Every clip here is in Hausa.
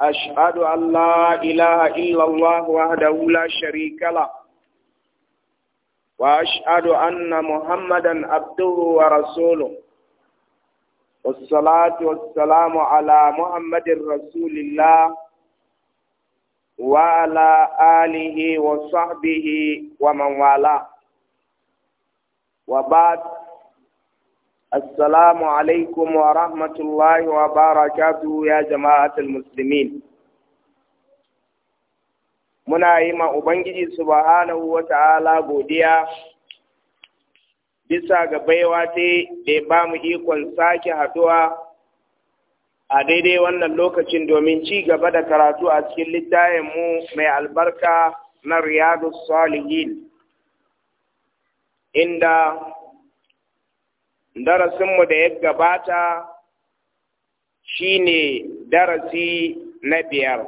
أشهد أن لا إله إلا الله وحده لا شريك له وأشهد أن محمدا عبده ورسوله والصلاة والسلام على محمد رسول الله وعلى آله وصحبه ومن والاه وبعد Assalamu السلام عليكم ورحمة الله وبركاته يا جماعة المسلمين muna yi ma Ubangiji subhanahu wa ta'ala godiya bisa ga baiwa ta da ba mu ikon sake haduwa a daidai wannan lokacin domin ci gaba da karatu a cikin littafin mu mai albarka na Riyadu Salihin, inda darasinmu da ya gabata shine darasi na biyar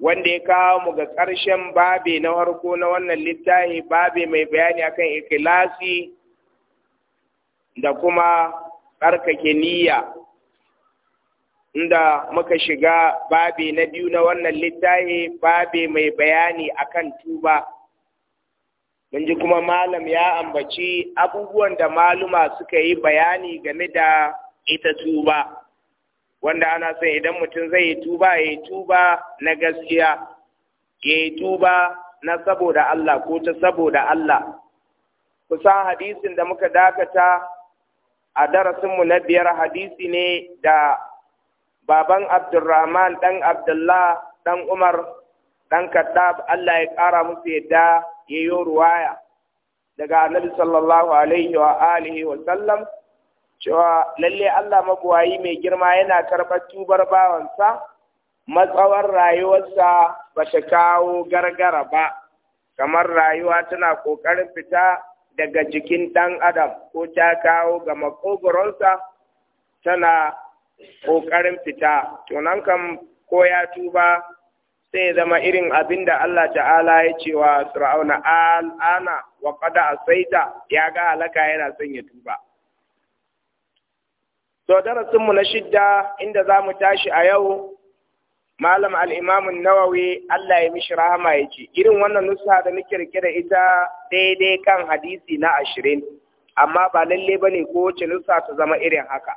wanda ya kawo mu ga ƙarshen babi na harko na wannan littafi babe mai bayani akan ikilasi da kuma tsarkake niyya inda muka shiga babe na biyu na wannan littafi babi mai bayani akan tuba mun ji kuma malam ya ambaci abubuwan da maluma suka yi bayani game da ita tuba wanda ana son idan mutum zai yi tuba ya yi tuba na gaskiya ya yi tuba na saboda Allah ko ta saboda Allah kusan hadisin da muka dakata a darasinmu na biyar hadisi ne da baban Abdulrahman Dan Abdullah Dan Umar Dan Kaddab Allah ya ƙara musu yadda yayo ruwaya daga annabi sallallahu alaihi wa alihi wa sallam cewa lalle Allah mabuwayi mai girma yana karɓar tubar bawansa matsawar rayuwarsa ba ta kawo gargara ba kamar rayuwa tana ƙoƙarin fita daga jikin ɗan adam ko ta kawo ga makogoronsa tana ƙoƙarin fita to nan kam ko ya tuba sai zama irin abin da Allah ta'ala ya ce wa Fir'auna al'ana wa qad asaita ya ga halaka yana son ya tuba to darasin mu na shidda inda zamu tashi a yau malam al-Imam nawawi Allah ya mishi rahama ya ce irin wannan nusa da muke rike da ita daidai kan hadisi na ashirin, amma ba lalle bane ko wace nusa ta zama irin haka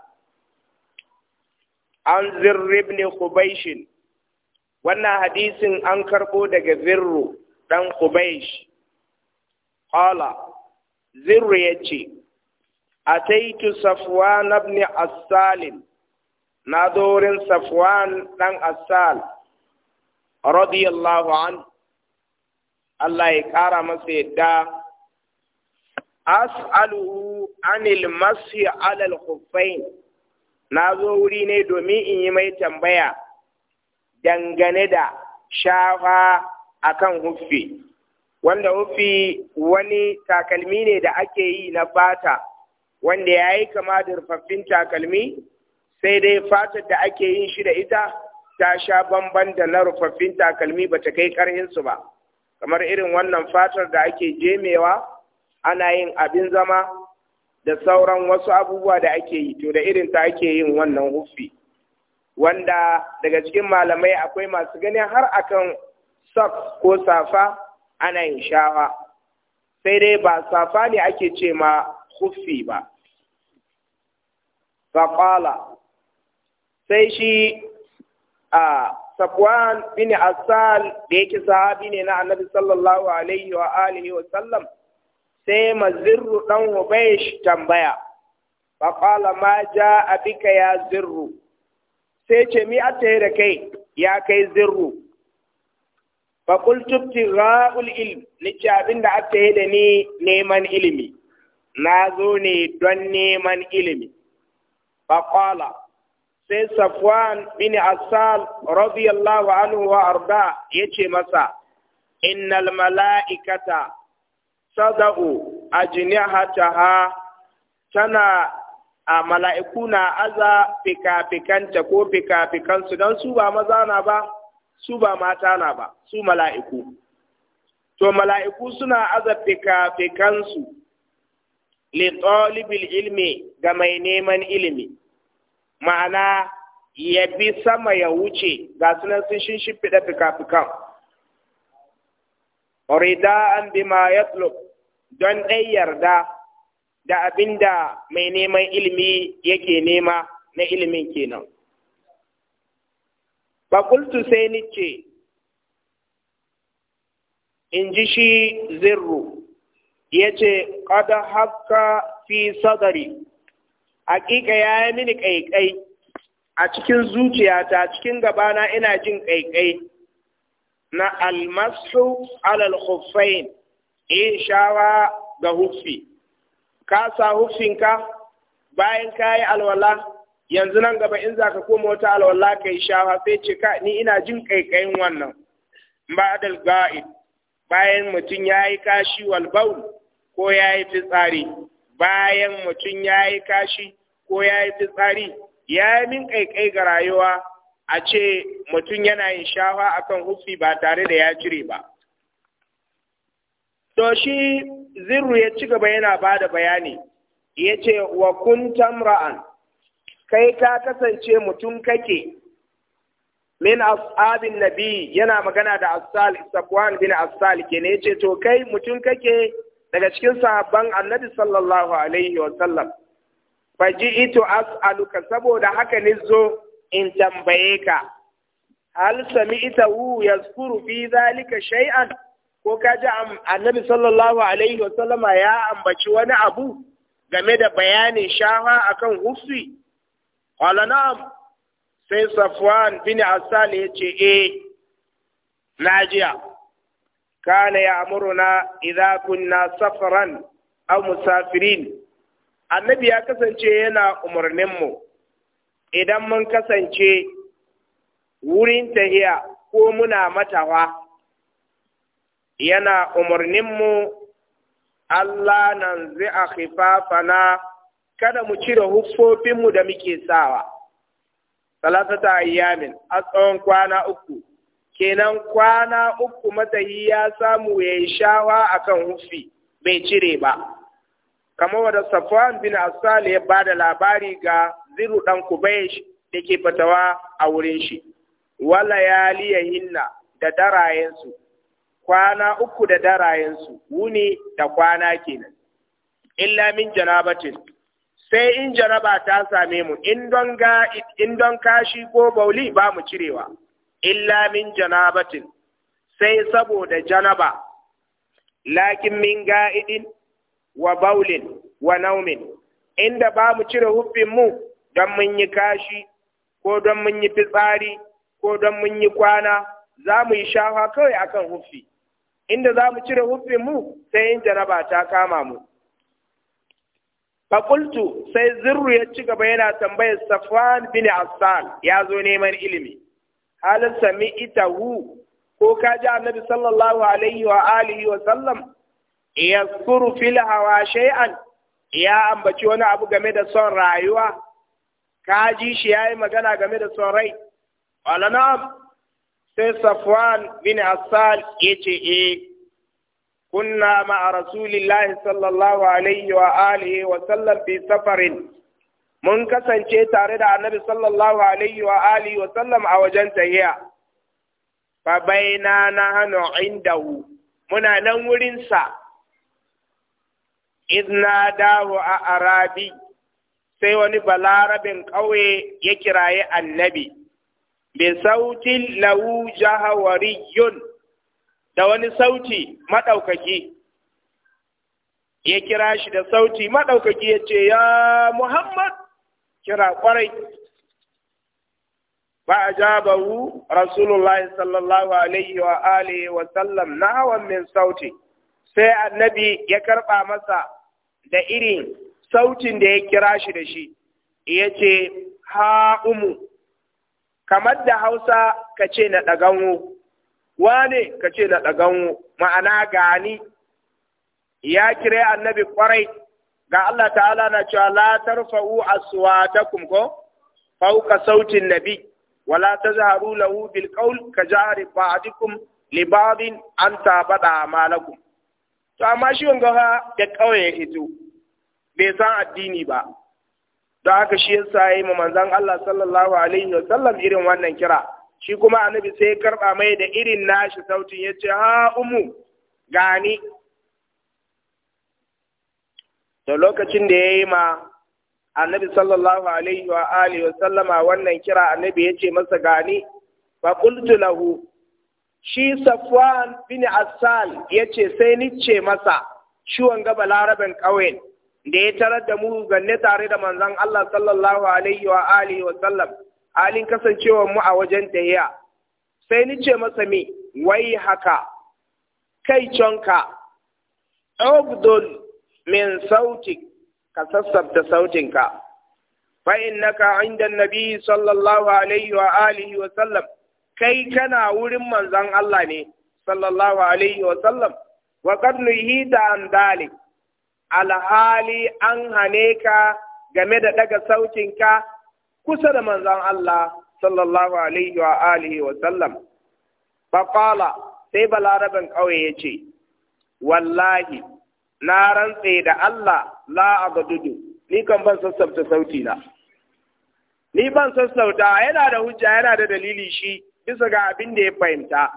an zirr khubaishin wannan hadisin an karɓo daga zirru ɗan kubaish Ƙala, zirru ya ce, A taitu Safwan abni Assalin, na dorin Safwan ɗan Assal, radiyallahu an, Allah ya ƙara masa yadda, as'aluhu anil masu alal khuffain na zo wuri ne domin in yi mai tambaya dangane da shafa kan huffi wanda huffi wani takalmi ne da ake yi na fata wanda ya yi kama da rufaffin takalmi sai dai fatar da ake yin shi da ita ta sha bamban da na rufaffin takalmi ba ta kai karhinsu ba kamar irin wannan fatar da ake jemewa ana yin abin zama da sauran wasu abubuwa da ake yi to da irin ta ake yin wannan huffi wanda daga cikin malamai akwai masu ganin har akan saf ko safa ana yin shawa sai dai ba safa ne ake ce ma hufi ba faƙala sai shi a safwan bin asal da yake sahabi ne na annabi sallallahu alaihi wa alihi wa sallam sai mazirru dan hubaysh tambaya faƙala ma ja abika ya zirru sai ce mi attaye da kai ya kai zirru fa qultu ra'ul ilm ni abinda abin da ni neman ilimi na zo ne don neman ilimi fa sai safwan bin asal radiyallahu anhu wa arda ce masa innal mala'ikata sadau ajnihataha tana a mala'iku na aza fika-fikanta ko fika-fikansu don su ba maza na ba, su ba mata na ba, su mala'iku. To, mala'iku suna aza fika-fikansu litolibil ilmi ga mai neman ilimi, ma'ana ya bi sama ya wuce ga sunan sun shimfiɗa fika-fikan. Rida an bi ma ya don ɗai yarda da abinda mai neman ilimi yake nema na ilimin kenan. Fakultu sai ni ce, in ji shi zirru, ya ce, Kada haka fi sadari, hakika ya yi mini ƙaiƙai a cikin zuciyata, cikin gabana ina jin ƙaiƙai na almasu alal hufain. in shawa ga hufi. ka sa hufinka bayan ka yi alwala yanzu nan gaba in za ka koma wata alwala ka yi shawa sai ce ka ni ina jin ƙaiƙayin wannan ba adal ga'id bayan mutum ya yi kashi wal baul ko ya yi fitsari bayan mutum ya yi kashi ko ya yi fitsari ya yi min ƙaiƙai ga rayuwa a ce mutum yana yin shawa akan hufi ba tare da ya cire ba. To shi zirru ya ci gaba yana ba da bayani ya ce wa kun tamra'an kai ka kasance mutum kake min ashabin nabi yana magana da asal safwan bin asal ke ne yace to kai mutum kake daga cikin sahabban annabi sallallahu alaihi wa sallam ito as'aluka saboda haka ne zo in tambaye ka hal sami'tahu yazkuru fi zalika shay'an ko ka ji annabi sallallahu alaihi wasallama ya ambaci wani abu game da bayanin shafa akan hufi qala na'am sai safwan bin asal ya ce eh najiya kana na idza na safaran aw musafirin annabi ya kasance yana umarnin idan mun kasance wurin tahiya ko muna matawa yana umarninmu Allah nan zai a khifafana kada mu cire huffofinmu da muke sawa. ta ayyamin a tsawon kwana uku, kenan kwana uku matahi ya samu ya yi shawa a kan huffi bai cire ba. Kamar wadda Safwan bin Asali ya ba da labari ga ziru ɗan Kubayish da ke fatawa a wurin shi, wala ya liya hinna da darayensu. kwana uku da darayensu wuni da kwana kenan illa min janabatin sai in janaba ta same mu in don ga in don kashi ko bauli ba mu cirewa illa min janabatin sai saboda janaba lakin min ga'idin wa baulin wa naumin inda ba mu cire huffin mu don mun yi kashi ko don mun yi fitsari ko don mun yi kwana za mu yi shafa kawai akan huffi inda za mu cire mu sai in jaraba ta kama mu fakultu sai zirru ya ci gaba yana tambayar safwan bin asal ya zo neman ilimi halin sami ita hu ko ka ji annabi sallallahu alaihi wa alihi wa sallam ya kuru fil shay'an ya ambaci wani abu game da son rayuwa ka ji shi yayi magana game da son rai wala na'am sai safwan bin asal ya ce e kunna a rasulillahi sallallahu alaihi wa alihi wa sallam fi safarin mun kasance tare da annabi sallallahu alaihi wa alihi wa sallam a wajen tahiya fa baina nahnu indahu muna nan wurin sa idna dahu a arabi sai wani balarabin ƙauye ya kiraye annabi Mai sautin lahu jahawariyun da wani sauti maɗaukaki ya kira shi da sauti maɗaukaki ya ce ya Muhammad kira ƙwarai ba a jabahu Rasulullahi sallallahu alaihi wa alihi wa sallam na hawan min sauti sai annabi ya karɓa masa da irin sautin da ya kira shi da shi ya ce ha umu kamar da hausa ka ce na ɗaganwo wane ka ce na ɗaganwo ma'ana gani ya kire annabi ƙwarai. ga Allah ta'ala na cewa suwa ta kumko, fa’u ka sautin nabi wala ta lahu bil qawl ka jahri Ba'adikun li an an tabada malakun. to amma shi wanga da ya hito bai san addini ba don haka shi yasa ya yi ma manzan Allah sallallahu alaihi wa sallam irin wannan kira shi kuma annabi sai ya karba mai da irin nashi sautin yace ha umu gani da lokacin da ya yi ma annabi sallallahu alaihi wa alihi wa sallama wannan kira annabi ce masa gani fa qultu lahu shi Safwan bin Asal ya ce sai ni masa ciwon gaba larabin ƙauyen da ya tarar da mu ganne tare da manzon Allah sallallahu alaihi wa alihi wa sallam halin kasancewar mu a wajen tahiya sai ni ce masa me wai haka kai conka ubdul min sautik ka sassabta sautinka fa innaka inda nabi sallallahu alaihi wa alihi wa sallam kai kana wurin manzon Allah ne sallallahu alaihi wa sallam wa qad nuhita an dalik alhali an hane ka game da daga ka kusa da manzon Allah sallallahu alaihi wa alihi wa sallam faqala sai balarabin ƙauye ya ce wallahi na rantse da Allah la abududu ni kan ban sassauta sauti na ni ban sassauta yana da hujja yana da dalili shi bisa ga abin da ya fahimta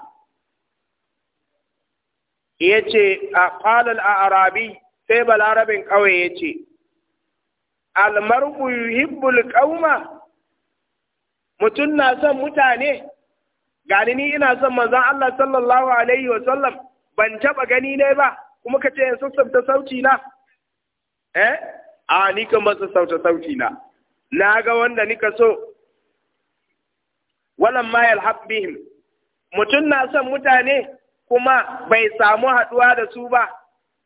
Yace ce a ƙalal arabi sai balarabin ƙauye ya ce almarku yuhibbul kauma mutum na son mutane gani ni ina son manzon Allah sallallahu alaihi wa sallam ban taba gani ne ba kuma ce in sassauta sauti na eh a ni kan ba sassauta sauti na na ga wanda nika so walan ma yalhaq bihim mutum na son mutane kuma bai samu haɗuwa da su ba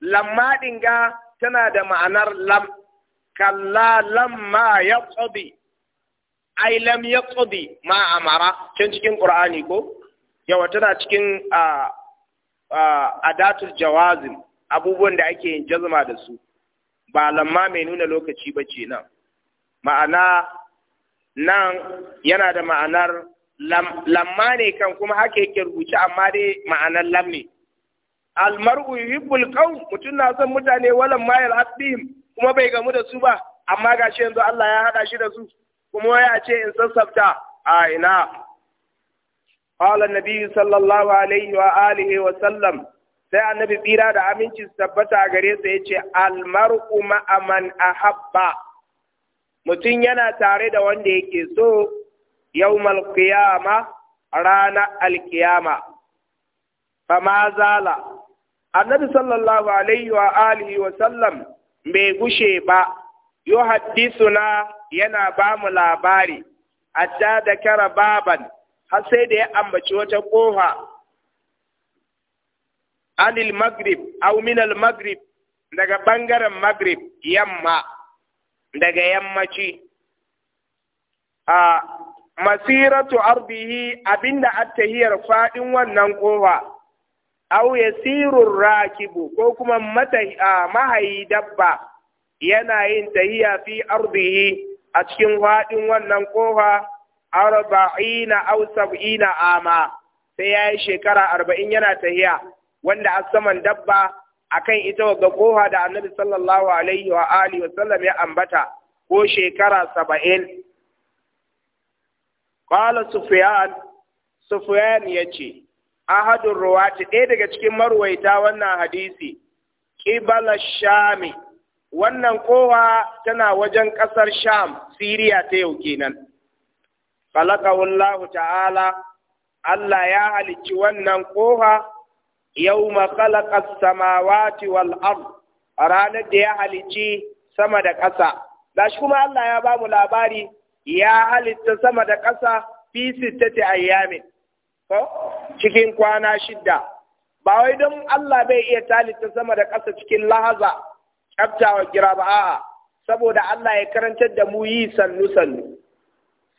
lamma ga tana da ma'anar lam kalla lamma ya tsodi ai lam ya tsodi ma amara can cikin ƙur'ani ko yawa tana cikin a adatul jawazin abubuwan da ake yin jazma da su ba lamma mai nuna lokaci ba ce nan ma'ana nan yana da ma'anar lamma ne kan kuma haka yake rubuce amma dai ma'anar lam almar'u yuhibbul qaum mutum na son mutane walan ma yalhaqihim kuma bai gamu da su ba amma gashi yanzu Allah ya hada shi da su kuma ya ce in sassafta a ina qala annabi sallallahu alaihi wa alihi wa sallam sai annabi tsira da aminci su tabbata gare sa yace almar'u ma aman ahabba mutum yana tare da wanda yake so yawmal qiyama rana alkiyama fama zala annabi sallallahu alaihi wa alihi wa sallam bai gushe ba yo na yana ba mu labari adda da kara baban har sai da ya ambaci wata kofa anil maghrib aw min al maghrib daga bangaren maghrib yamma daga yammaci a masiratu ardihi abinda attahiyar fadin wannan kofa ya sirur rakibu ko kuma mahayi dabba yana yin tahiya fi ardihi a cikin faɗin wannan kofa arba'ina au sab'ina ama sai ya yi shekara arba'in yana tahiya wanda a saman dabba kan ita ga kofa da annabi sallallahu alaihi wa alihi wa sallam ya ambata ko shekara saba'in qala sufyan ya ce. ahadun ruwati ɗaya daga cikin marwaita wannan hadisi ƙibala shami wannan kowa tana wajen ƙasar sham siriya ta yau kenan khalaqahu ta'ala Allah ya halicci wannan kowa yau khalaqa samawati wal'ar a ranar da ya halicci sama da ƙasa shi kuma Allah ya ba mu labari ya halitta sama da ƙasa fi sittati ayyamin cikin kwana shida ba wai don Allah bai iya talita sama da ƙasa cikin lahaza tsaftawa kira ba a'a saboda Allah ya karantar da mu yi sannu sannu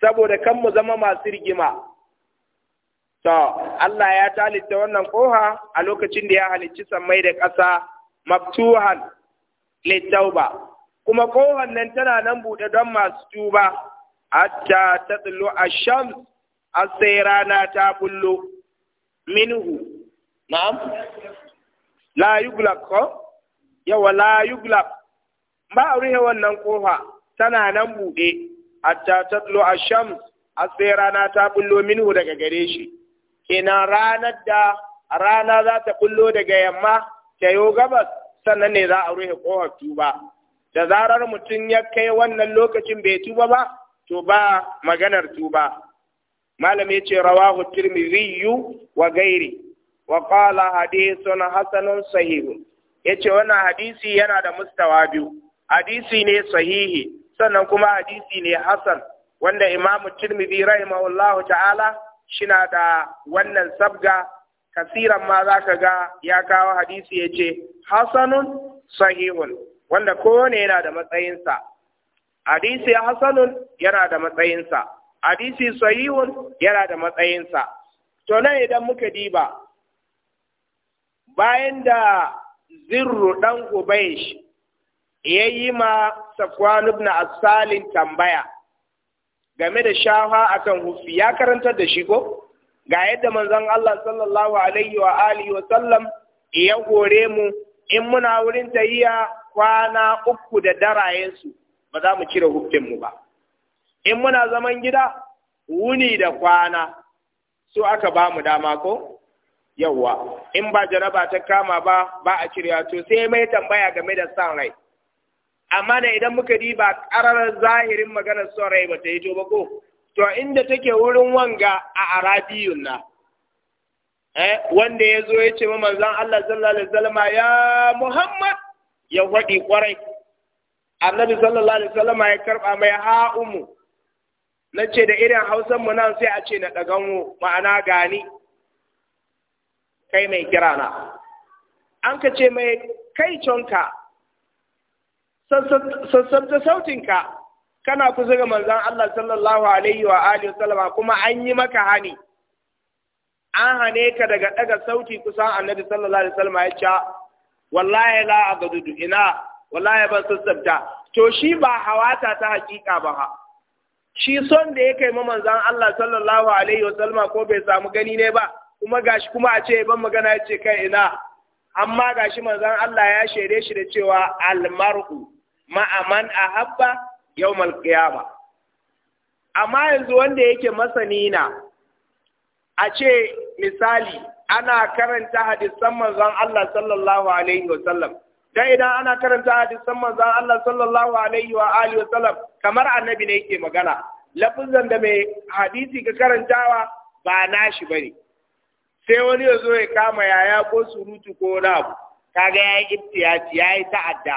saboda kan mu zama masu rigima to Allah ya talita wannan koha a lokacin da ya halicci sammai da ƙasa maftuhan ba kuma kohan nan tana nan buɗe don masu tuba hatta tatlu ash-shams har sai rana ta bullo minhu na'am la ko yawa la yuglaq ba a rufe wannan kofa tana nan buɗe hatta tatlo ash-shams rana ta bullo minhu daga gare shi kenan ranar da rana za ta bullo daga yamma ta yo gabas sannan ne za a rufe kofar tuba da zarar mutum ya kai wannan lokacin bai tuba ba to ba maganar tuba malam yace rawahu tirmidhi wa gairi wa qala hadithun hasanun sahih yace wannan hadisi yana da mustawa biyu hadisi ne sahihi sannan kuma hadisi ne hasan wanda imam tirmidhi rahimahullahu ta'ala shina da wannan sabga kasiran ma ka ga ya kawo hadisi yace hasanun sahihun wanda kowane yana da matsayinsa hadisi hasanun yana da matsayinsa hadisi sahihun yana da matsayinsa to nan idan muka diba bayan da zirru dan ubaish ya yi ma Safwan ibn Asalin tambaya game da shafa akan hufi ya karantar da shi ko ga yadda manzon Allah sallallahu alaihi wa alihi wa sallam ya gore mu in muna wurin tahiya kwana uku da darayensu ba za mu cire mu ba in muna zaman gida wuni da kwana su aka ba mu dama ko yawwa in ba jaraba ta kama ba ba a kirya to sai mai tambaya game da san rai amma da idan muka ba ƙarar zahirin maganar son rai ba ta yi to ba ko to inda take wurin wanga a arabiyun na eh wanda ya zo ya ce ma manzon Allah sallallahu alaihi wasallam ya Muhammad ya wadi kwarai annabi sallallahu alaihi wasallam ya karba mai ha na ce da irin hausan mu nan sai a ce na ɗaganwo ma'ana gani kai mai kira na an ka ce mai kai conka sassabta sautinka kana kusa ga manzan Allah sallallahu alaihi wa alihi wasallama kuma an yi maka hani an hane ka daga daga sauti kusan annabi sallallahu alaihi wasallama ya ce wallahi la agadudu ina wallahi ban sassabta to shi ba hawata ta hakika ba ha shi son da ya kai mamanzan manzan Allah sallallahu alaihi wasallama ko bai samu gani ne ba kuma gashi kuma a ce ban magana ya ce kai ina amma gashi manzan Allah ya shaide shi da cewa almar'u ma'aman ahabba yawmal qiyama amma yanzu wanda yake masani na a ce misali ana karanta hadisan manzan Allah sallallahu alaihi Sallam. dan idan ana karanta hadisan manzon Allah sallallahu alaihi wa alihi wa sallam kamar annabi ne yake magana lafazan da mai hadisi ka karantawa ba nashi bane sai wani ya zo ya kama yaya ko surutu ko wani abu kaga ya yi ibtiyaci ya yi ta'adda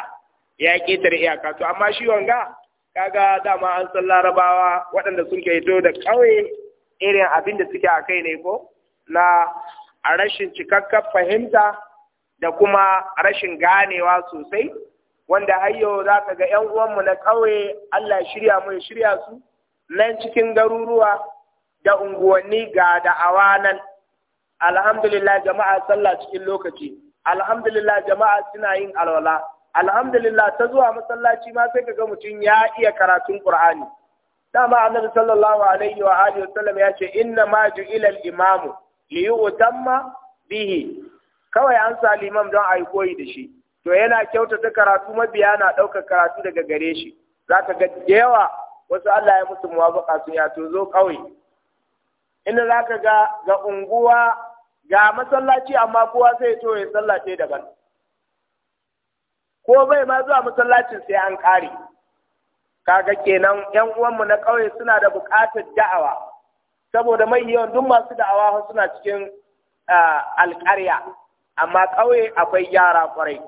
ya ketare iyaka to amma shi wanga kaga dama an san larabawa waɗanda sun hito da ƙauye irin abin da suke a kai ne ko na a rashin cikakken fahimta da kuma rashin ganewa sosai wanda har za ka ga 'yan uwanmu na ƙauye Allah shirya mu shirya su nan cikin garuruwa da unguwanni ga da'awa nan alhamdulillah jama'a sallah cikin lokaci alhamdulillah jama'a suna yin alwala alhamdulillah ta zuwa masallaci ma sai ka ga mutum ya iya karatun qur'ani dama annabi sallallahu alaihi wa alihi sallam ya ce inna ma ju'ila al-imamu li yu'tamma bihi kawai an sa liman don a yi koyi da shi to yana kyautata karatu mabiya na ɗaukar karatu daga gare shi za ka ga da yawa wasu Allah ya musu muwafaka sun ya to zo kawai? inda za ka ga ga unguwa ga masallaci amma kowa sai to ya sallace daban ko bai ma zuwa masallacin sai an ƙare kaga kenan yan uwanmu na ƙauye suna da buƙatar da'awa saboda mai yawan duk masu da'awa suna cikin ah, alƙarya amma ƙauye akwai yara kwarai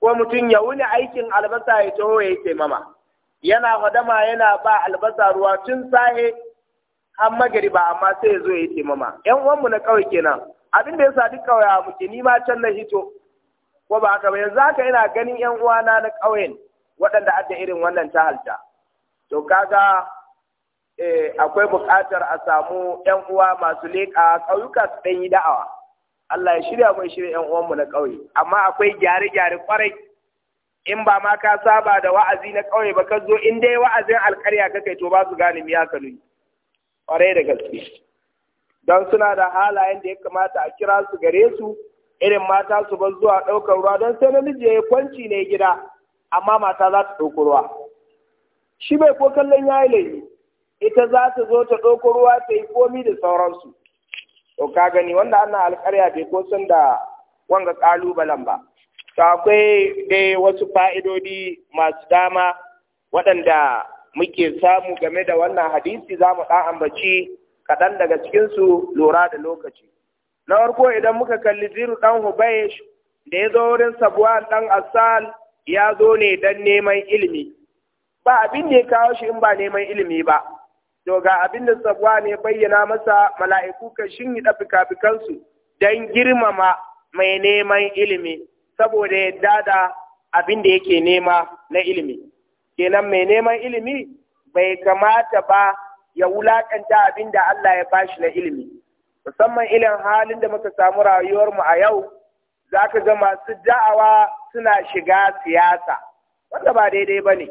ko mutum ya wuni aikin albasa ya taho ya yi taimama yana hadama yana ba albasa ruwa tun sahe har ba, amma sai ya zo ya yi taimama yan uwanmu na ƙauye kenan abin da ya sa duk ƙauye muke ni ma can na hito ko ba haka ba yanzu haka ina ganin yan uwana na ƙauyen waɗanda adda irin wannan ta halta to kaga eh, akwai buƙatar a samu yan uwa masu leƙa ƙauyuka su ɗan yi da'awa Allah ya shirya mai shirya 'yan uwanmu na ƙauye amma akwai gyare-gyare kwarai in ba ma ka saba da wa'azi na ƙauye ba ka zo in dai wa'azin alƙarya ka kai to ba su gane miya ka nuni kwarai da gaske don suna da halayen da ya kamata a kira su gare su irin mata su bar zuwa ɗaukar ruwa don sai namiji ya kwanci ne gida amma mata za ta ɗauki ruwa shi bai ko kallon yayi laifi ita za ta zo ta ɗauko ruwa ta yi komi da sauransu to ka gani wanda ana alƙarya bai ko sun da wanga ƙalubalen ba to akwai dai wasu fa'idodi masu dama waɗanda muke samu game da wannan hadisi za mu ɗan ambaci kaɗan daga cikinsu lura da lokaci na farko idan muka kalli ziru ɗan hubaish da ya zo wurin sabuwan ɗan asal ya zo ne don neman ilimi ba abin da ya kawo shi in ba neman ilimi ba to ga abin da sabuwa ne bayyana masa mala'iku kan shin yi fikafikansu don girmama mai neman ilimi saboda ya dada abin da yake nema na ilimi kenan mai neman ilimi bai kamata ba ya wulaƙanta abin da Allah ya bashi na ilimi musamman ilin halin da muka samu rayuwarmu a yau za ka ga masu da'awa suna shiga siyasa wanda ba daidai ba ne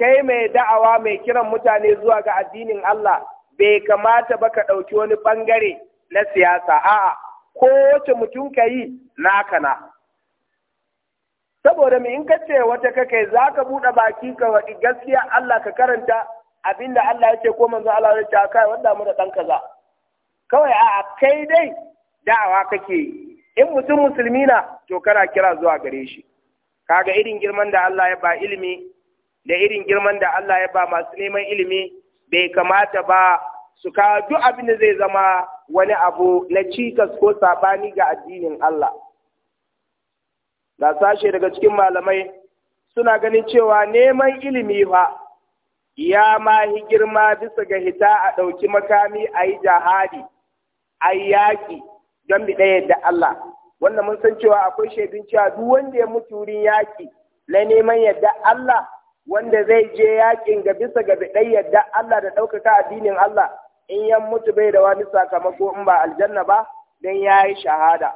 kai mai da'awa mai kiran mutane zuwa ga addinin Allah bai kamata ba ka ɗauki wani ɓangare na siyasa a'a wacce mutum ka yi naka na saboda mai in ka ce wata ka kai za ka buɗe baki ka waɗi gaskiya Allah ka karanta abinda Allah yake ko manzo Allah ya ce kai wanda mu da ɗan kaza kawai a'a kai dai da'awa kake yi in mutum musulmi na to kana kira zuwa gare shi kaga irin girman da Allah ya ba ilimi da irin girman da Allah ya ba masu neman ilimi bai kamata ba su kawo duk abin da zai zama wani abu na cikas ko sabani ga addinin Allah. Ga sashe daga cikin malamai suna ganin cewa neman ilimi ba ya mahi girma bisa ga hita a ɗauki makami a yi jahadi, a yi yaƙi don bi ɗaya da Allah. Wannan mun san cewa akwai shaidun cewa duk wanda ya mutu wurin yaƙi na neman yadda Allah wanda zai je yakin ga bisa ga bidai yadda Allah da ɗaukaka addinin Allah in ya mutu bai da wani sakamako in ba aljanna ba dan yayi shahada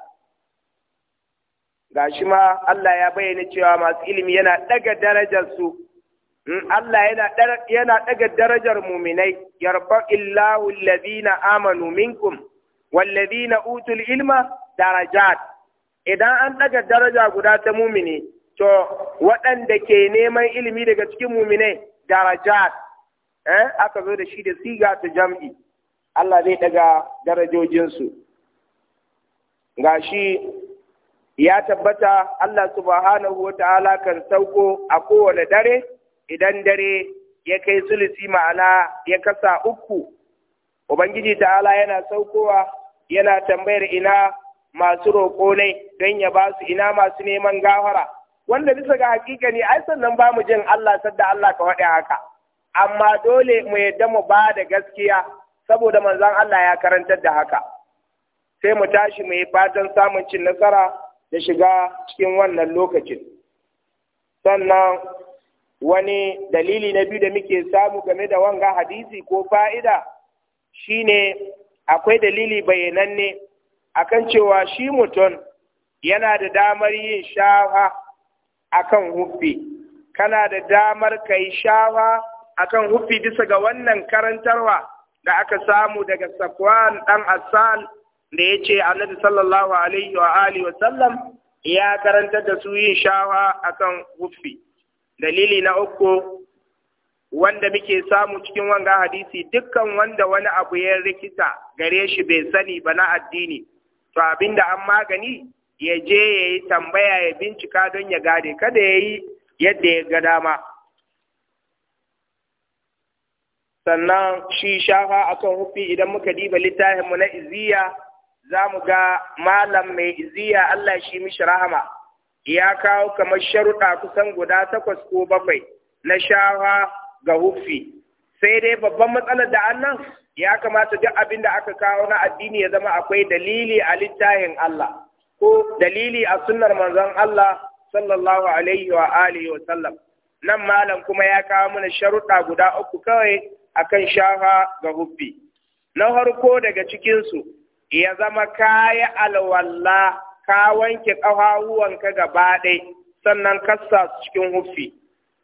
gashi ma Allah ya bayyana cewa masu ilimi yana daga darajar su in Allah yana yana daga darajar muminai yarba illahu alladhina amanu minkum walladhina utul ilma darajat idan an daga daraja guda ta mumini to waɗanda ke neman ilimi daga cikin muminai darajat eh aka zo da shi da siga ta jam'i Allah zai daga darajojinsu gashi ya tabbata Allah subhanahu wa ta'ala kan sauko a kowane dare idan dare ya kai sulusi ma'ana ya kasa uku Ubangiji ta'ala yana saukowa yana tambayar ina masu roƙo ne don ya ba su ina masu neman gafara wanda bisa ga hakika ne ai sannan ba mu jin Allah sadda Allah ka faɗi haka amma dole mu yadda mu ba da gaskiya saboda manzon Allah ya karantar da haka sai mu tashi mu yi fatan samun cin nasara da shiga cikin wannan lokacin sannan wani dalili na biyu da muke samu game da wanga hadisi ko fa'ida shine akwai dalili bayyananne akan cewa shi mutum yana da damar yin shafa akan huffi kana da damar kai shawa akan huffi bisa ga wannan karantarwa da aka samu daga Safwan dan Asal da yace ce Annabi sallallahu alaihi wa alihi wa sallam ya karantar da su yin shawa akan huffi dalili na uku wanda muke samu cikin wanga hadisi dukkan wanda wani abu ya rikita gare shi bai sani ba na addini to abinda an magani ya je ya yi tambaya ya bincika don ya gade kada ya yi yadda ya ga dama sannan shi shafa akan hufi idan muka diba littafinmu na iziya za mu ga malam mai iziya Allah shi mishi rahama ya kawo kamar sharuɗa kusan guda takwas ko bakwai na shafa ga hufi sai dai babban matsalar da annan ya kamata duk abin da aka kawo na addini ya zama akwai dalili a littafin Allah ko dalili a sunnar manzon Allah sallallahu alaihi wa alihi wa sallam nan malam kuma ya kawo mana sharuɗa guda uku kawai akan shafa ga hubbi na harko daga cikinsu ya zama kaya alwalla ka wanke ƙafafuwanka gaba ɗai sannan ka su cikin huffi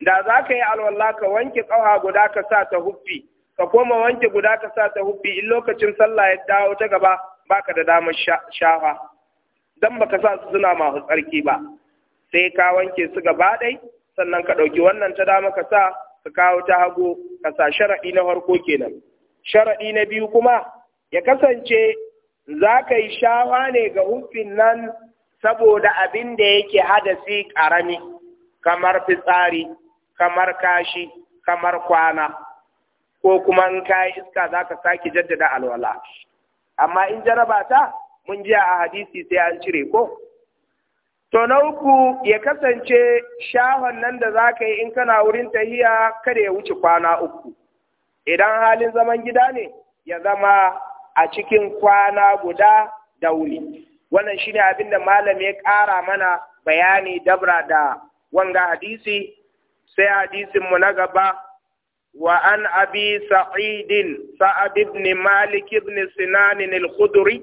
da za ka yi alwalla ka wanke ƙafa guda ka sa ta huffi ka koma wanke guda ka sa ta huffi in lokacin sallah ya dawo ta gaba baka da damar shafa dan baka sa su suna masu tsarki ba sai ka wanke su gaba ɗai sannan ka ɗauki wannan ta dama ka sa ka kawo ta hagu ka sa sharaɗi na farko kenan sharaɗi na biyu kuma ya kasance za ka yi shawa ne ga hufin nan saboda abin da yake hadasi ƙarami kamar fitsari kamar kashi kamar kwana ko kuma in ka yi iska za ka sake jaddada alwala amma in jaraba ta mun ji a hadisi sai an cire ko to na uku ya kasance shahon nan da za ka yi in kana wurin tahiya kada ya wuce kwana uku idan halin zaman gida ne ya zama a cikin kwana guda da wuri wannan shine abin da malam ya ƙara mana bayani dabra da wanga hadisi sai hadisin mu na gaba wa an abi sa'idin sa'ad ibn malik ibn sinan al-khudri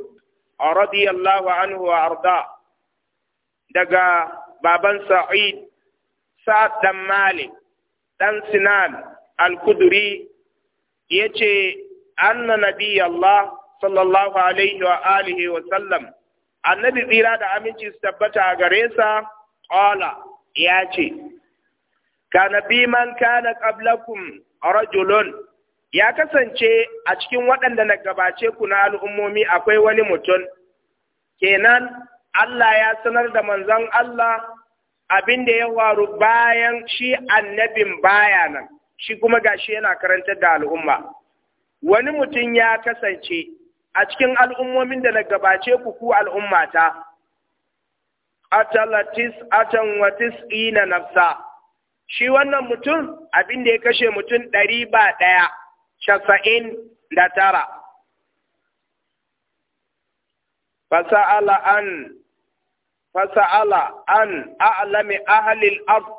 radiyallahu anhu wa arda daga baban Sa'id Sa'ad dan Malik ɗan Sinan al-Kuduri yace anna nabiyallah sallallahu alaihi wa alihi wa sallam annabi tsira da aminci su tabbata a gare sa qala yace kana bi man rajulun ya kasance a cikin waɗanda na gabace ku na al'ummomi akwai wani mutum, kenan Allah ya sanar da manzan Allah abin da ya waru bayan shi annabin baya nan, shi kuma gashi yana karantar da al'umma. Wani mutum ya kasance a cikin al'ummomin da na gabace ku ku al'ummata, Atalatis atan watis ina nafsa, shi wannan mutum abin da ya kashe mutum ɗari ba ɗaya. casa'in da tara. فسأل أن فسأل أن أعلم أهل الأرض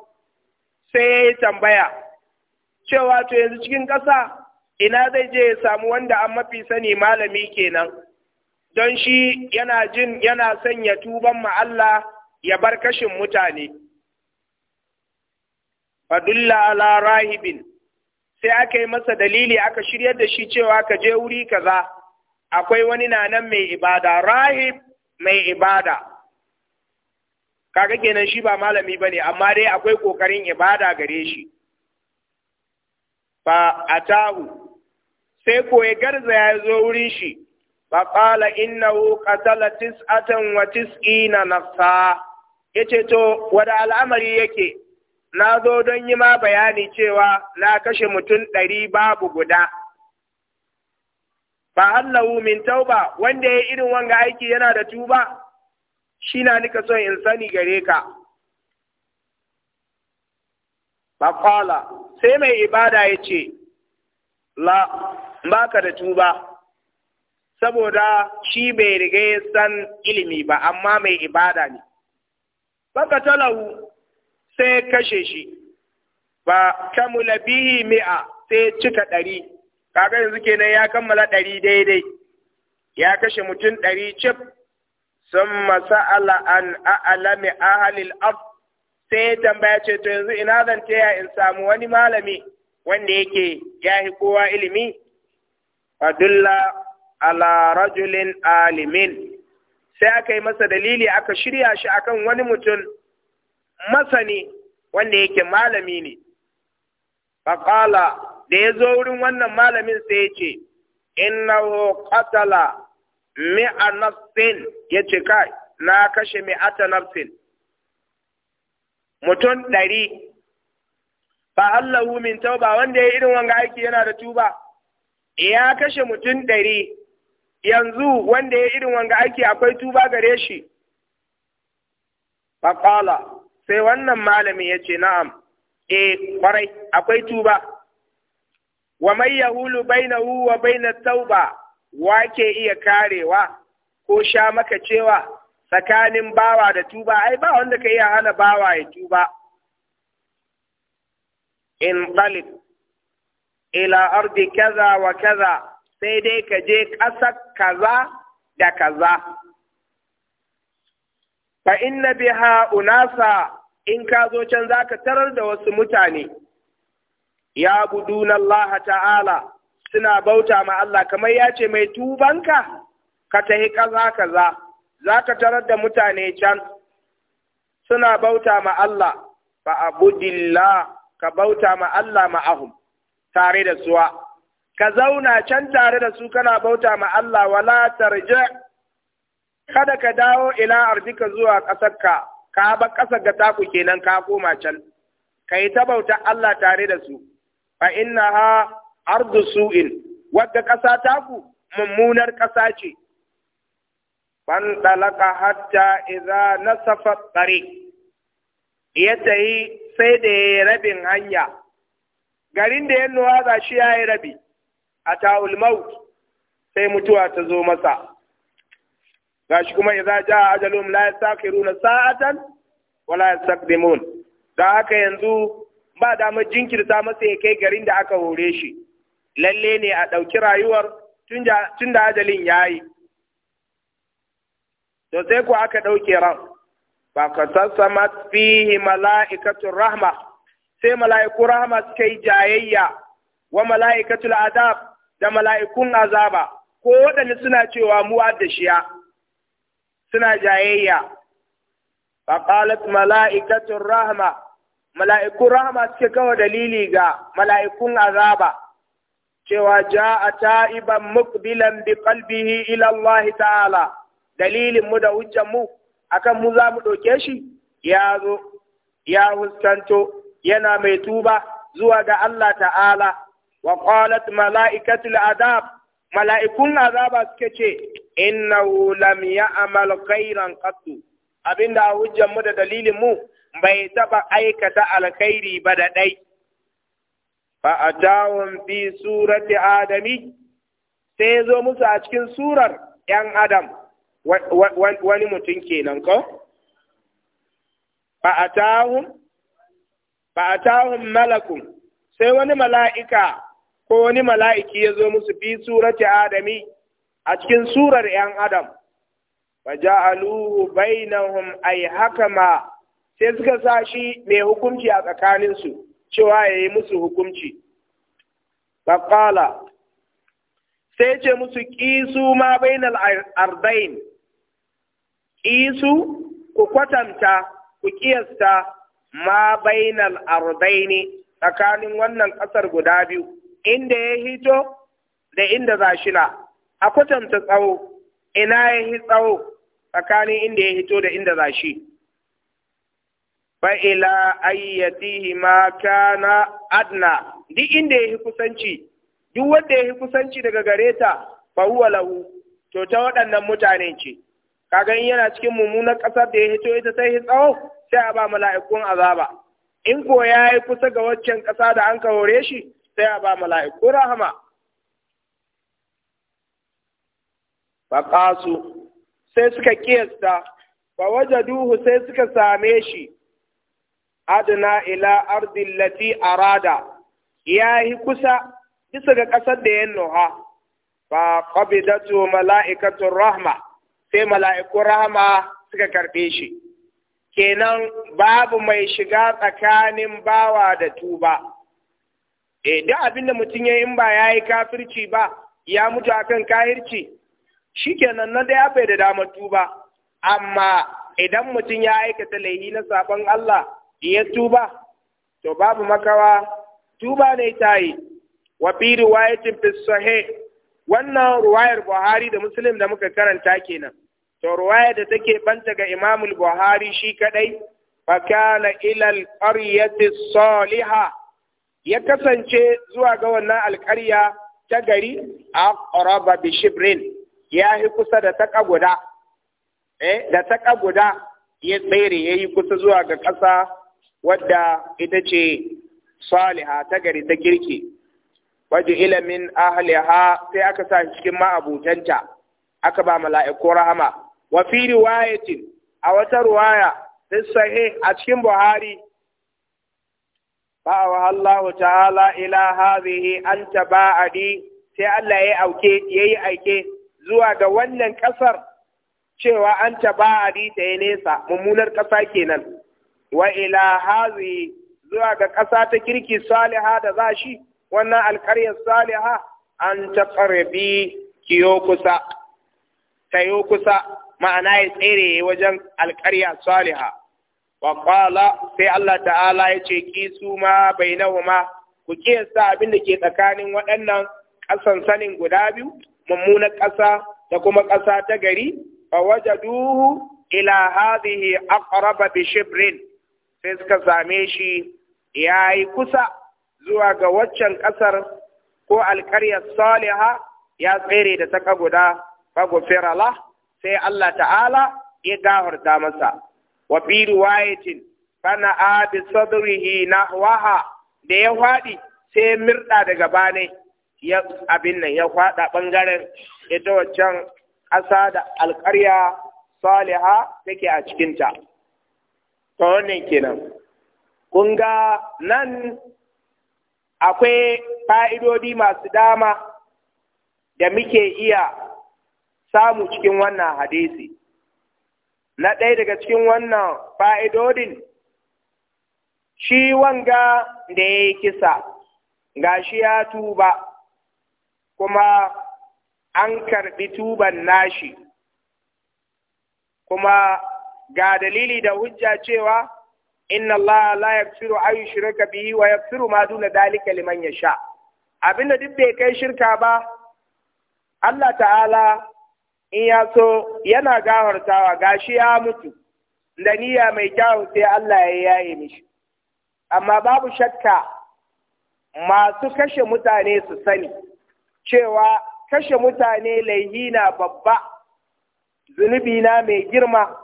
sai tambaya cewa to yanzu cikin ƙasa ina zai je ya samu wanda an mafi sani malami kenan don shi yana jin yana son ya tuban ma Allah ya bar kashin mutane fadulla ala rahibin sai aka yi masa dalili aka shiryar da shi cewa ka je wuri kaza akwai wani na nan mai ibada rahib mai ibada kaga kenan shi ba malami ba ne, amma dai akwai kokarin ibada gare shi fa atahu sai ko ya garza ya zo wurin shi fa qala innahu qatala tis'atan wa tis'ina nafsa yace to wada al'amari yake na zo don yi ma bayani cewa na kashe mutum ɗari babu guda. Ba allahu min tauba wanda ya irin wanga aiki yana da tuba, shi na nika son in sani gare ka. Bakwala sai mai ibada ya ce, La, ka da tuba, saboda shi bai riga ya san ilimi ba, amma mai ibada ne. Baka talahu sai kashe shi ba kamula bihi mi'a sai cika ɗari kaga yanzu kenan ya kammala ɗari daidai ya kashe mutum ɗari cif sun masa'ala an a'alami ahalil af sai ya tambaya ce to yanzu ina zan taya in samu wani malami wanda yake yahi kowa ilimi fadulla ala rajulin alimin sai aka yi masa dalili aka shirya shi akan wani mutum masani wanda yake malami ne faƙala da ya zo wurin wannan malamin sai ya ce innahu qatala mi'a nafsin ya ce kai na kashe mi'ata nafsin mutum ɗari fa hallahu min tauba wanda ya irin wanga aiki yana da tuba ya kashe mutum ɗari yanzu wanda ya irin wanga aiki akwai tuba gare shi faƙala sai wannan malami ya ce na'am E, kwarai akwai tuba wa mai yahulu bainahu wa na tauba wake iya karewa ko sha maka cewa tsakanin bawa da tuba ai ba wanda ka iya hana bawa ya tuba in qalib ila ardi kaza wa kaza sai dai ka je ƙasa kaza da kaza fa inna biha unasa in ka zo can za ka tarar da wasu mutane ya na Allah ta'ala suna bauta ma Allah kamar ya ce mai tubanka ka tahi kaza kaza za ka tarar da mutane can suna bauta ma Allah fa abudillah ka bauta ma Allah ma'ahum tare da suwa ka zauna can tare da su kana bauta ma Allah wala tarji kada ka dawo ila arzika zuwa ƙasarka ka ba ƙasa ga taku kenan ka koma can kai ta bauta Allah tare da su fa ha ardu su'in wadda ƙasa taku mummunar ƙasa ce ban dalaka hatta idza nasafa tariq ya tayi sai da ya rabin hanya garin da ya nuwa shi ya yi rabi a ta'ul maut sai mutuwa ta zo masa gashi kuma idza jaa ajalum la yastakhiruna sa'atan wa la yastaqdimun da haka yanzu ba damar jinkirta masa ya kai garin da aka hore shi lalle ne a ɗauki rayuwar tun da ajalin yayi to sai ku aka ɗauke ran ba ka sassama fihi mala'ikatun rahma sai mala'ikun rahma suka yi jayayya wa mala'ikatul adab da mala'ikun azaba ko waɗanda suna cewa mu suna jayayya qalat mala'ikatun rahma mala'ikun rahma suke kawo dalili ga mala'ikun azaba cewa ja'a ta'iban muqbilan bi qalbihi ila Allah ta'ala dalilin mu da hujjan mu akan mu za mu ɗauke shi ya zo ya huskanto yana mai tuba zuwa ga Allah ta'ala wa qalat mala'ikatul adab mala'ikun azaba suke ce Inna innahu lam amal kairan qattu abinda a hujjar mu da dalilin mu bai taba aikata alkhairi ba da dai fa atawum fi surati adami sai zo musu a cikin surar yan adam wani mutum kenan ko fa atahum fa atahum malakum sai wani mala'ika ko wani mala'iki ya zo musu fi surati adami a cikin surar ‘yan Adam, ba ja'aluhu bainahum ai ma. sai suka sa shi mai hukunci a tsakaninsu, cewa ya yi musu hukunci. Baƙala, sai ce musu ƙisu ma bainal ardain, ƙisu ku kwatanta, ku ƙiyasta ma bainal ardaini tsakanin wannan ƙasar guda biyu, inda ya hito da inda za shi na. a kwatanta tsawo ina ya yi tsawo tsakanin inda ya hito da inda za shi fa’ila ayyatihi ma kana adna duk inda ya yi kusanci duk wanda ya yi kusanci daga gare ta fa lahu to ta waɗannan mutane ce kaga yana cikin mummunan ƙasar da ya hito ita sai yi tsawo sai a ba mala'ikun azaba in ko ya yi kusa ga waccan ƙasa da an hore shi sai a ba mala'ikun rahama faƙasu sai suka ƙiyasta fa wajaduhu sai suka same shi adna ila ardin lati arada ya yi kusa bisa ga ƙasar da ya nuha fa qabidatu mala'ikatun rahma sai mala'ikun rahma suka karbe shi kenan babu mai shiga tsakanin bawa da tuba e duk abinda mutum ya in ba yayi kafirci ba ya mutu akan kafirci shikenan na daya bai da damar tuba amma idan mutum ya aikata laihi na sabon Allah ya tuba to babu makawa tuba ne ta yi wa bi riwayatin fi wannan ruwayar Buhari da Muslim da muka karanta kenan to ruwayar da take banta ga Imam Buhari shi kadai fa kana ila al-qaryati salihah ya kasance zuwa ga wannan alƙarya ta gari a bi shibrin ya yi kusa da taƙa guda eh da taƙa guda ya tsere ya yi kusa zuwa ga ƙasa wadda ita ce saliha ta gari ta kirki waje ilimin ahaliha sai aka sa cikin ma'abutanta aka ba mala'iku rahama wa fi riwayatin a wata ruwaya sai sahih a cikin buhari ba'awa Allah ta'ala ila an anta ba'adi sai Allah ya yi yayi aike zuwa ga wannan ƙasar cewa an taba ta ya nesa mummunar ƙasa kenan wa ila hazi zuwa ga ƙasa ta kirki saliha da za shi wannan alƙaryar saliha an ta ƙarbi kiyo kusa ta yi kusa ma'ana ya tsere wajen alƙarya saliha wa sai Allah ta'ala ya ce ki su ma bainahuma ku kiyasta abin da ke tsakanin waɗannan ƙasan sanin guda biyu mummunar ƙasa da kuma ƙasa ta gari fa duhu ila hadhihi aqraba bi shibrin sai suka same shi yayi kusa zuwa ga waccan ƙasar ko alƙaryar saliha ya tsere da ta kaguda fagufira gufirala sai Allah ta'ala ya gafarta masa wa fi riwayatin bana abi sadrihi nahwaha da ya fadi sai mirɗa daga bane ya abin nan ya kwada bangaren ita waccan ƙasa da alƙarya saliha take a cikinta ta wannan kenan kun ga nan akwai fa'idodi masu dama da muke iya samu cikin wannan hadisi na ɗaya daga cikin wannan fa'idodin shi wanga da ya yi kisa ga shi ya tuba kuma an karɓi tuban nashi kuma ga dalili da hujja cewa inna Allah la firu ayu shirka bihi wa firu ma duna dalika liman sha. abinda duk bai kai shirka ba Allah ta'ala in ya so yana gawartawa gashi ya mutu da niyya mai kyau sai Allah ya yaye mishi amma babu shakka masu kashe mutane su sani cewa kashe mutane laihi na babba zunubi na mai girma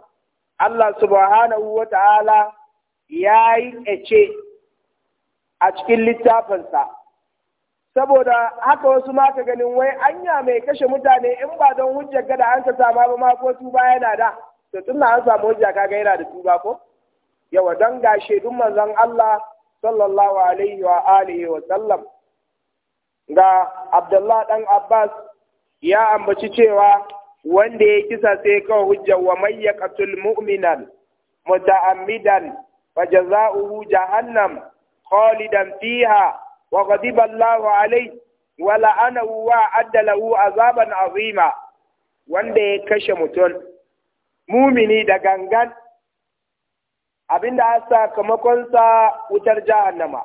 Allah subhanahu wa ta'ala ya yi ƙace a cikin littafinsa saboda haka wasu maka ganin wai anya mai kashe mutane in ba don hujjar gada an ka sama ba ma ko tuba yana da to tun an samu hujja ka gaira da tuba ko yawa don ga shaidun manzon Allah sallallahu alaihi wa alihi wa sallam ga Abdullah ɗan Abbas ya ambaci cewa wanda ya kisa sai kawai hujja wa may yaqtul mu'minan muta'ammidan fa jaza'uhu jahannam khalidan fiha wa ghadiba Allahu alayhi wa la'anahu wa adda lahu azaban azima wanda ya kashe mutum mumini da gangan abinda a sa wutar jahannama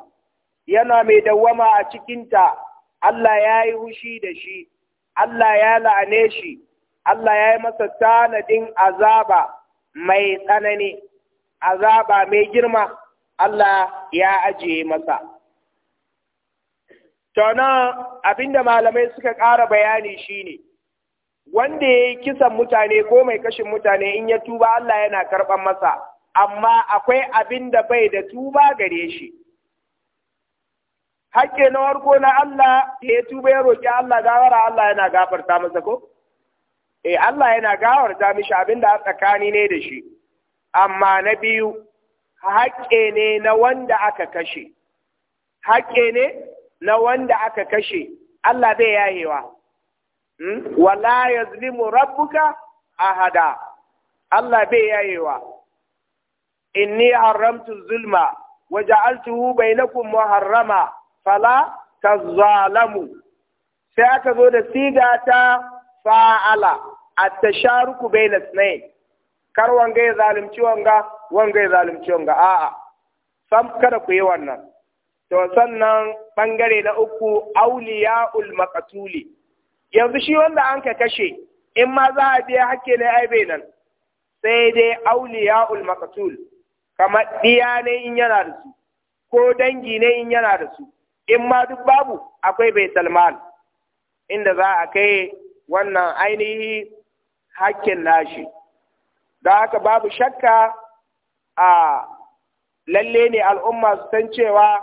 yana mai dawwama a cikinta Allah ya yi hushi da shi, Allah ya la'ane shi, Allah ya yi masa tanadin azaba mai tsanani, azaba mai girma, Allah ya ajiye masa. abin abinda malamai suka ƙara bayani shi ne? wanda ya yi kisan mutane ko mai kashin mutane in ya tuba Allah yana karɓar masa, amma akwai abin da bai da tuba gare shi. hakke na warko na Allah ya ya tuba ya roƙi Allah gawara Allah yana gafarta masa ko eh Allah yana gafarta mishi abin da tsakani ne da shi amma na biyu hakke ne na wanda aka kashe hakke ne na wanda aka kashe Allah bai yayewa hmm? wala yazlimu rabbuka ahada Allah bai yayewa inni haramtu zulma wa ja'altuhu bainakum muharrama fala tazalamu sai aka zo da siga ta fa'ala at-tasharuku bayna ithnayn kar wanga ya zalunci wanga wanga ya zalunci wanga a'a sam kada ku yi wannan to sannan bangare na uku auliya'ul maqtuli yanzu shi wanda an ka kashe in ma za a biya hakke ne bai nan sai dai auliya'ul maqtul kamar ɗiya ne in yana da su ko dangi ne in yana da su in ma duk babu akwai bai salman inda za a kai wannan ainihi hakkin nashi da haka babu shakka a lalle ne al'umma su san cewa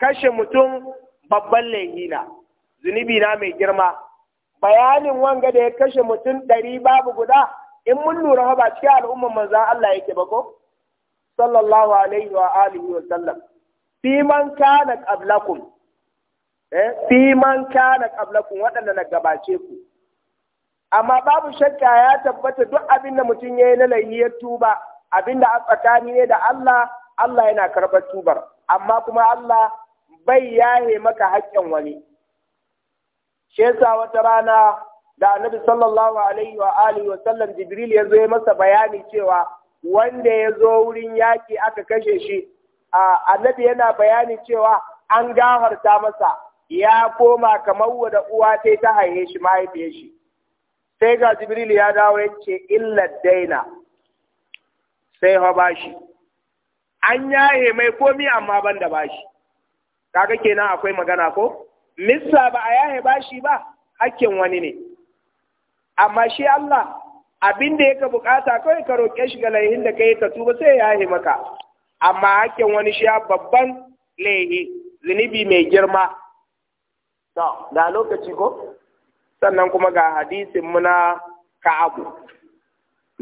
kashe mutum babban laihina zunubi na mai girma bayanin wanga da ya kashe mutum ɗari babu guda in mun lura ba cikin al'umman manzan Allah yake ba ko sallallahu alaihi wa alihi wa sallam fi man kana qablakum eh fi man kana qablakum waɗanda na gabace ku amma babu shakka ya tabbata duk abin da mutum yayi na lahiyar tuba abin da a tsakani ne da Allah Allah yana karɓar tubar amma kuma Allah bai yahe maka haƙƙin wani shi yasa wata rana da annabi sallallahu alaihi wa alihi wa sallam jibril ya zo masa bayani cewa wanda ya zo wurin yaƙi aka kashe shi annabi yana bayani cewa an gafarta masa ya koma kamar wadda uwa ta ta haye shi mahaifiyar shi sai ga jibril ya dawo ya ce illar daina sai ha bashi an yaye mai komi amma ban da bashi kaga kenan akwai magana ko missa ba a yaye bashi ba hakkin wani ne amma shi Allah abin da yaka bukata kawai ka roƙe shi ga laihin da kai ka tuba sai ya yaye maka amma hakin wani shi babban laihi zunubi mai girma to da lokaci ko sannan kuma ga hadisin muna ka'abu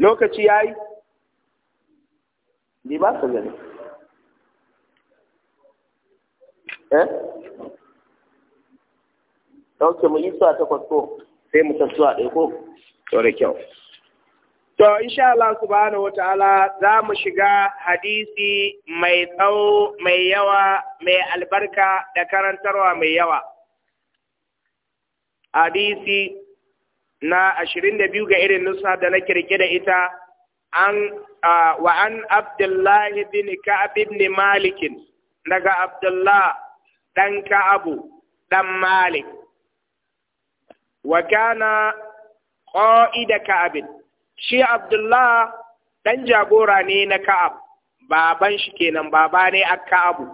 lokaci yi? bi ba su gani eh ɗauke mu yi su a takwas ko sai mu tasu a ɗaya ko to da kyau To, insha Allah subhanahu wa ta'ala za mu shiga hadisi mai tsawo, mai yawa, mai albarka da karantarwa mai yawa. Hadisi na ashirin da biyu ga irin nusa da na kirki da ita, an wa an Abdullahi bin Ka'ab ibn Malikin daga Abdullah ɗan Ka'abu ɗan Malik. Wa kana da Ka'abin. shi Abdullah ɗan jagora ne na Ka'ab, baban shi kenan baba ne a Ka'abu.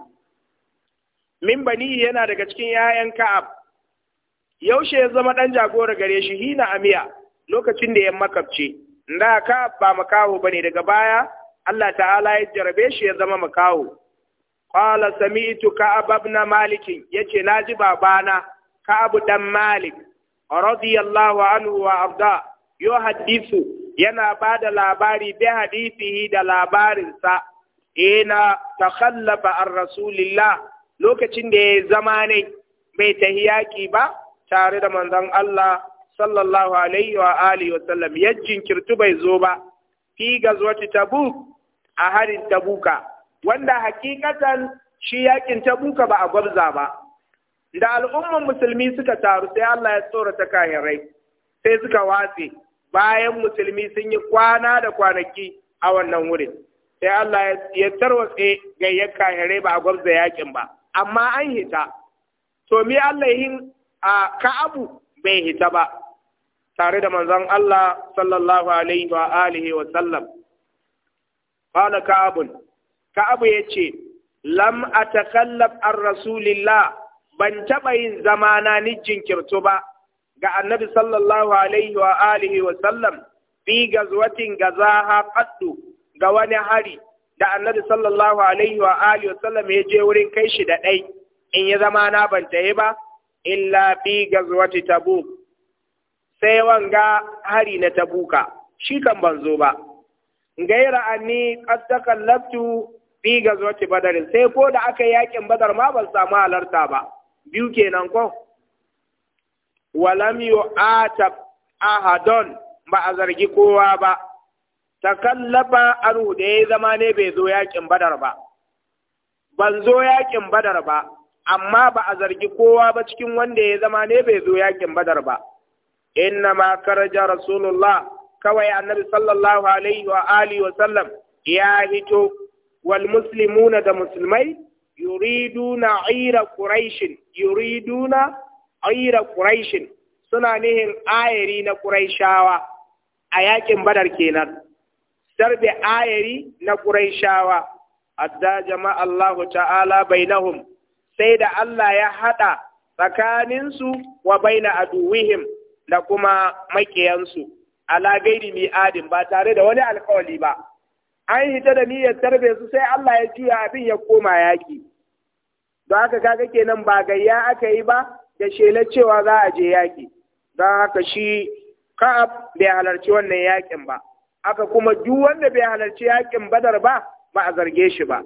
Min bani yana daga cikin ‘ya'yan Ka'ab, yaushe ya zama ɗan jagora gare shi hina amiya lokacin da ya makabce, da Ka'ab ba makaho ba ne daga baya, Allah ta'ala ya jarabe shi ya zama makaho. Kwala sami'tu Ka'ab na Malikin, yace na ji babana Ka'abu dan Malik, radiyallahu anhu wa Abda. yo hadisu yana ba da labari bi hadisihi da labarinsa ina takhallafa ar rasulillah lokacin da ya zama ne bai tahi yaƙi ba tare da manzon Allah sallallahu alaihi wa alihi wa sallam yajin kirtu bai zo ba fi gazwati tabuk a harin tabuka wanda hakikatan shi yakin tabuka ba a gwabza ba da al'umman musulmi suka taru sai Allah ya tsorata kahirai sai suka watse bayan musulmi sun yi kwana da kwanaki a wannan wurin sai Allah ya tarwatse gayyar kahirai ba a gwabza yakin ba amma an hita to mi Allah yin a ka'abu bai hita ba tare da manzon Allah sallallahu alaihi wa alihi wa sallam qala ka'abun ka'abu yace lam atakallaf an rasulillah ban taɓa yin zamana ni jinkirto ba ga annabi sallallahu alaihi wa alihi wa sallam fi gazwatin gazaha qaddu ga wani hari da annabi sallallahu alaihi wa alihi wa sallam ya je wurin kai shi da dai in ya zama na ban tayi ba illa fi gazwati tabuk sai wanga hari na tabuka shi kan ban zo ba gaira anni qad takallaftu fi gazwati badar sai ko da aka yakin badar ma ban samu halarta ba biyu kenan ko walam yu'atab ahadon ba a zargi kowa ba takallafa anhu da ya zama ne bai zo yakin badar ba ban zo yakin badar ba amma ba a zargi kowa ba cikin wanda ya zama ne bai zo yakin badar ba inna ma karaja rasulullah kawai annabi sallallahu alaihi wa alihi wa sallam ya hito wal muslimuna da musulmai yuriduna ira quraishin yuriduna ayira quraishin suna nihin ayari na quraishawa a yakin badar kenan sarbe ayari na quraishawa adda jama'a Allah ta'ala bainahum sai da Allah ya hada tsakaninsu wa baina aduwihim da kuma makiyansu ala gairi mi'adin ba tare da wani alkawali ba an hita da niyyar tarbe su sai Allah ya juya abin ya koma yaki don haka kaga kenan ba gayya aka yi ba da shelar cewa za a je yaƙi don haka shi ka'ab bai halarci wannan yaƙin ba aka kuma duk wanda bai halarci yaƙin badar ba ba a zarge shi ba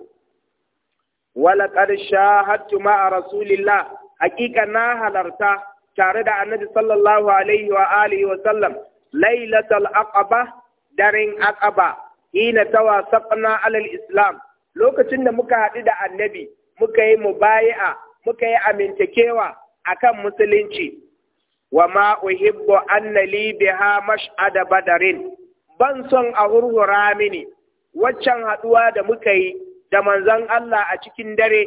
wala qad shahadtu a rasulillah haƙiƙa na halarta tare da annabi sallallahu alaihi wa alihi wa sallam lailatul aqaba darin aqaba hina tawasaqna alal islam lokacin da muka haɗu da annabi muka yi mubayi'a muka yi amintakewa akan musulunci wa ma uhibbu anna li biha mash'ada badarin ban son a hurhura mini waccan haduwa da muka yi da manzon Allah a cikin dare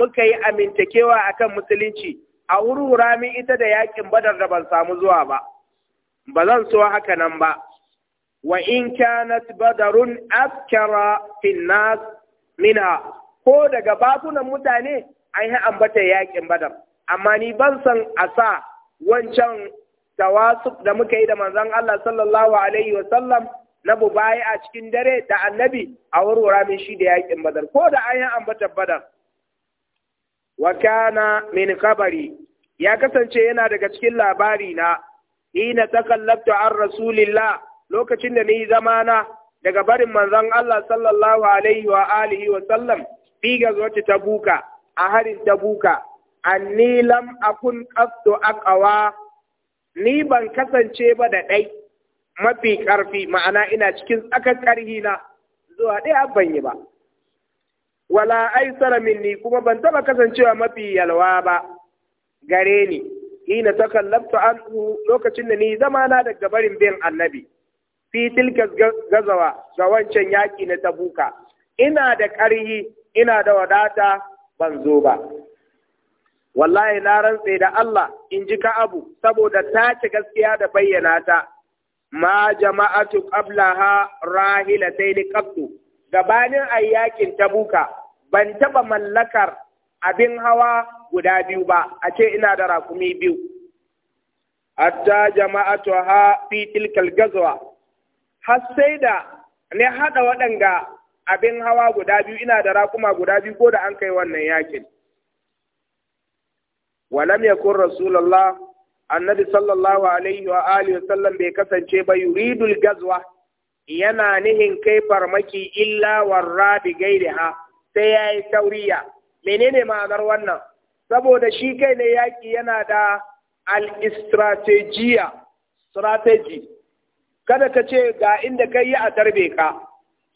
muka yi amintakewa akan musulunci a hurhura min ita da yakin badar da ban samu zuwa ba ba zan so haka nan ba wa in kanat badarun askara fin nas mina ko daga bakunan mutane an yi ambata yakin badar amma ni ban san a sa wancan tawasu da muka yi da manzon Allah sallallahu alaihi wa sallam na bubaye a cikin dare da annabi a warwara min shi da yakin badar ko da an yi ambata badar wa kana min kabari ya kasance yana daga cikin labari na ina takallabtu an rasulillah lokacin da ni zama na daga barin manzon Allah sallallahu alaihi wa alihi wa sallam fi ta tabuka a harin tabuka anni lam akun qattu aqwa ni ban kasance ba da ɗai mafi ƙarfi ma'ana ina cikin tsakar ƙarhi na zuwa ɗaya ban yi ba wala aisara minni kuma ban taɓa kasancewa mafi yalwa ba gare ni Ina ta kallabta anhu lokacin da ni zama na daga barin bin annabi fi tilka gazawa ga wancan yaƙi na tabuka ina da ƙarhi ina da wadata ban zo ba wallahi na rantse da Allah in ji ka abu saboda ta ci gaskiya da bayyana ta ma jama'atu qablaha rahilatayn qabdu gabanin ayyakin tabuka ban taba mallakar abin hawa guda biyu ba a ce ina da rakumi biyu hatta jama'atu ha fi tilkal gazwa har sai da ne hada waɗanga abin hawa guda biyu ina da rakuma guda biyu ko da an kai wannan yakin walam yakun rasulullah annabi sallallahu alaihi wa alihi wa sallam bai kasance ba yuridul gazwa yana nihin kai farmaki illa warra bi gairiha sai yayi tauriya menene ma'anar wannan saboda shi kai ne yaki yana da al-istrategiya strategy kada ka ce ga inda kai yi a tarbe ka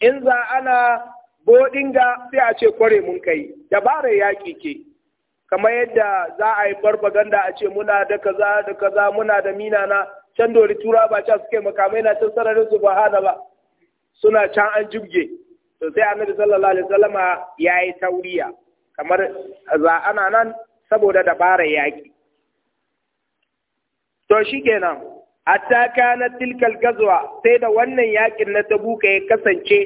in za ana bodinga sai a ce kware mun kai dabarar yaƙi ke kamar yadda za a yi farfaganda a ce muna da kaza da kaza muna da mina na can dori tura ba can suke makamai na can sararin su bahana ba suna can an jibge to sai annabi sallallahu alaihi wasallama yayi tauriya kamar za ana nan saboda dabarar yaki to shi shikenan hatta kana tilkal gazwa sai da wannan yakin na tabuka ya kasance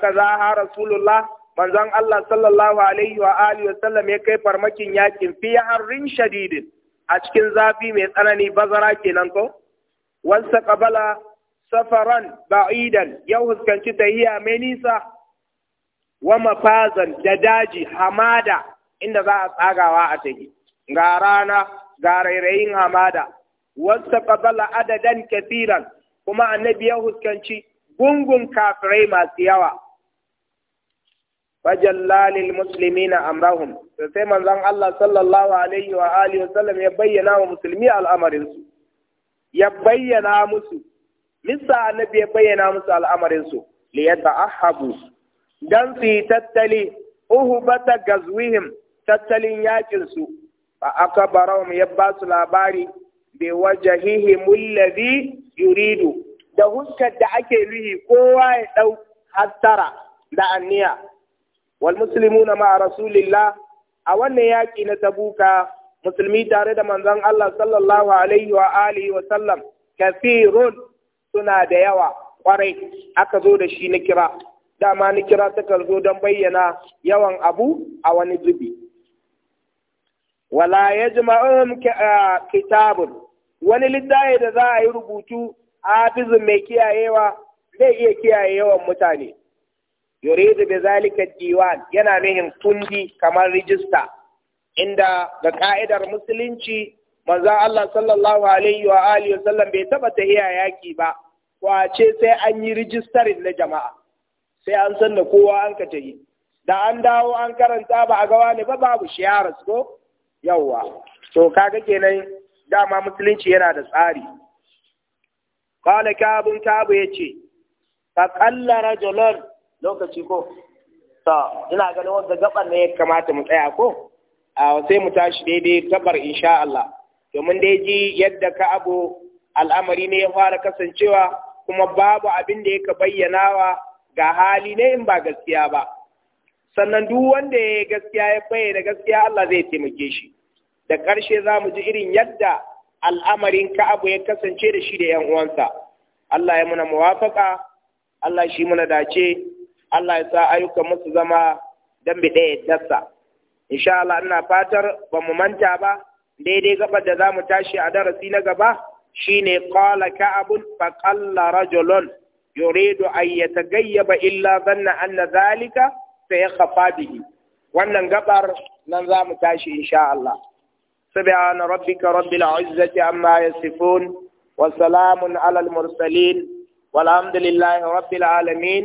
ka za ha rasulullah manzon Allah sallallahu alaihi wa alihi wasallam ya kai farmakin yakin fi harrin shadidin a cikin zafi mai tsanani bazara kenan ko wansa qabala safaran ba'idan ya huskanci tahiya mai nisa wa mafazan da daji hamada inda za a tsagawa a tahi ga rana ga rairayin hamada wansa qabala adadan kathiran kuma annabi ya huskanci gungun kafirai masu yawa fajalla lil na amrahum to sai manzon Allah sallallahu alaihi wa alihi ya bayyana wa musulmi al'amarin su ya bayyana musu misa annabi ya bayyana musu al'amarin su li yata'ahabu dan su tattali uhbata gazwihim tattalin yakin su ya basu labari bi wajahihi alladhi da huskar da ake nuhi kowa ya dau hattara da anniya wal muslimuna ma rasulillah a wannan yaki na tabuka musulmi tare da manzon Allah sallallahu alaihi wa alihi wa sallam kafirun suna da yawa kwarai aka zo da shi na kira dama na kira takan zo don bayyana yawan abu a wani zubi wala yajma'uhum kitabun wani littafi da za a yi rubutu hafizun mai kiyayewa zai iya kiyaye yawan mutane yuridu bi zalika diwan yana nihin kundi kamar rijista inda ga ka'idar musulunci manzo Allah sallallahu alaihi wa alihi wa sallam bai taba ta iya yaki ba ce sai an yi rijistarin na jama'a sai an san da kowa an ka tafi da an dawo an karanta ba a ga wani ba babu shiyaras ko yawwa to kaga kenan dama musulunci yana da tsari qala kabun kabu yace faqalla Jalal. lokaci ko ta ina ganin wanda gaban ne ya kamata mu tsaya ko sai mu tashi daidai tabar insha Allah domin dai ji yadda ka abu al'amari ne ya fara kasancewa kuma babu abin da yake bayyanawa ga hali ne in ba gaskiya ba sannan duk wanda ya gaskiya ya bayyana gaskiya Allah zai taimake shi da ƙarshe za mu ji irin yadda al'amarin Ka'abu ya kasance da shi da ‘yan uwansa. Allah ya muna muwafaka, Allah shi muna dace, Allah ya sa ayyukan musu zama dan bi ɗaya dasa insha Allah ina fatar ba mu manta ba daidai gabar da za mu tashi a darasi na gaba shine qala ka'abun fa qalla rajulun yuridu an yatagayyaba illa zanna anna zalika kafa bihi wannan gabar nan za mu tashi insha Allah سبحان ربك رب العزة عما يصفون وسلام على المرسلين والحمد لله رب العالمين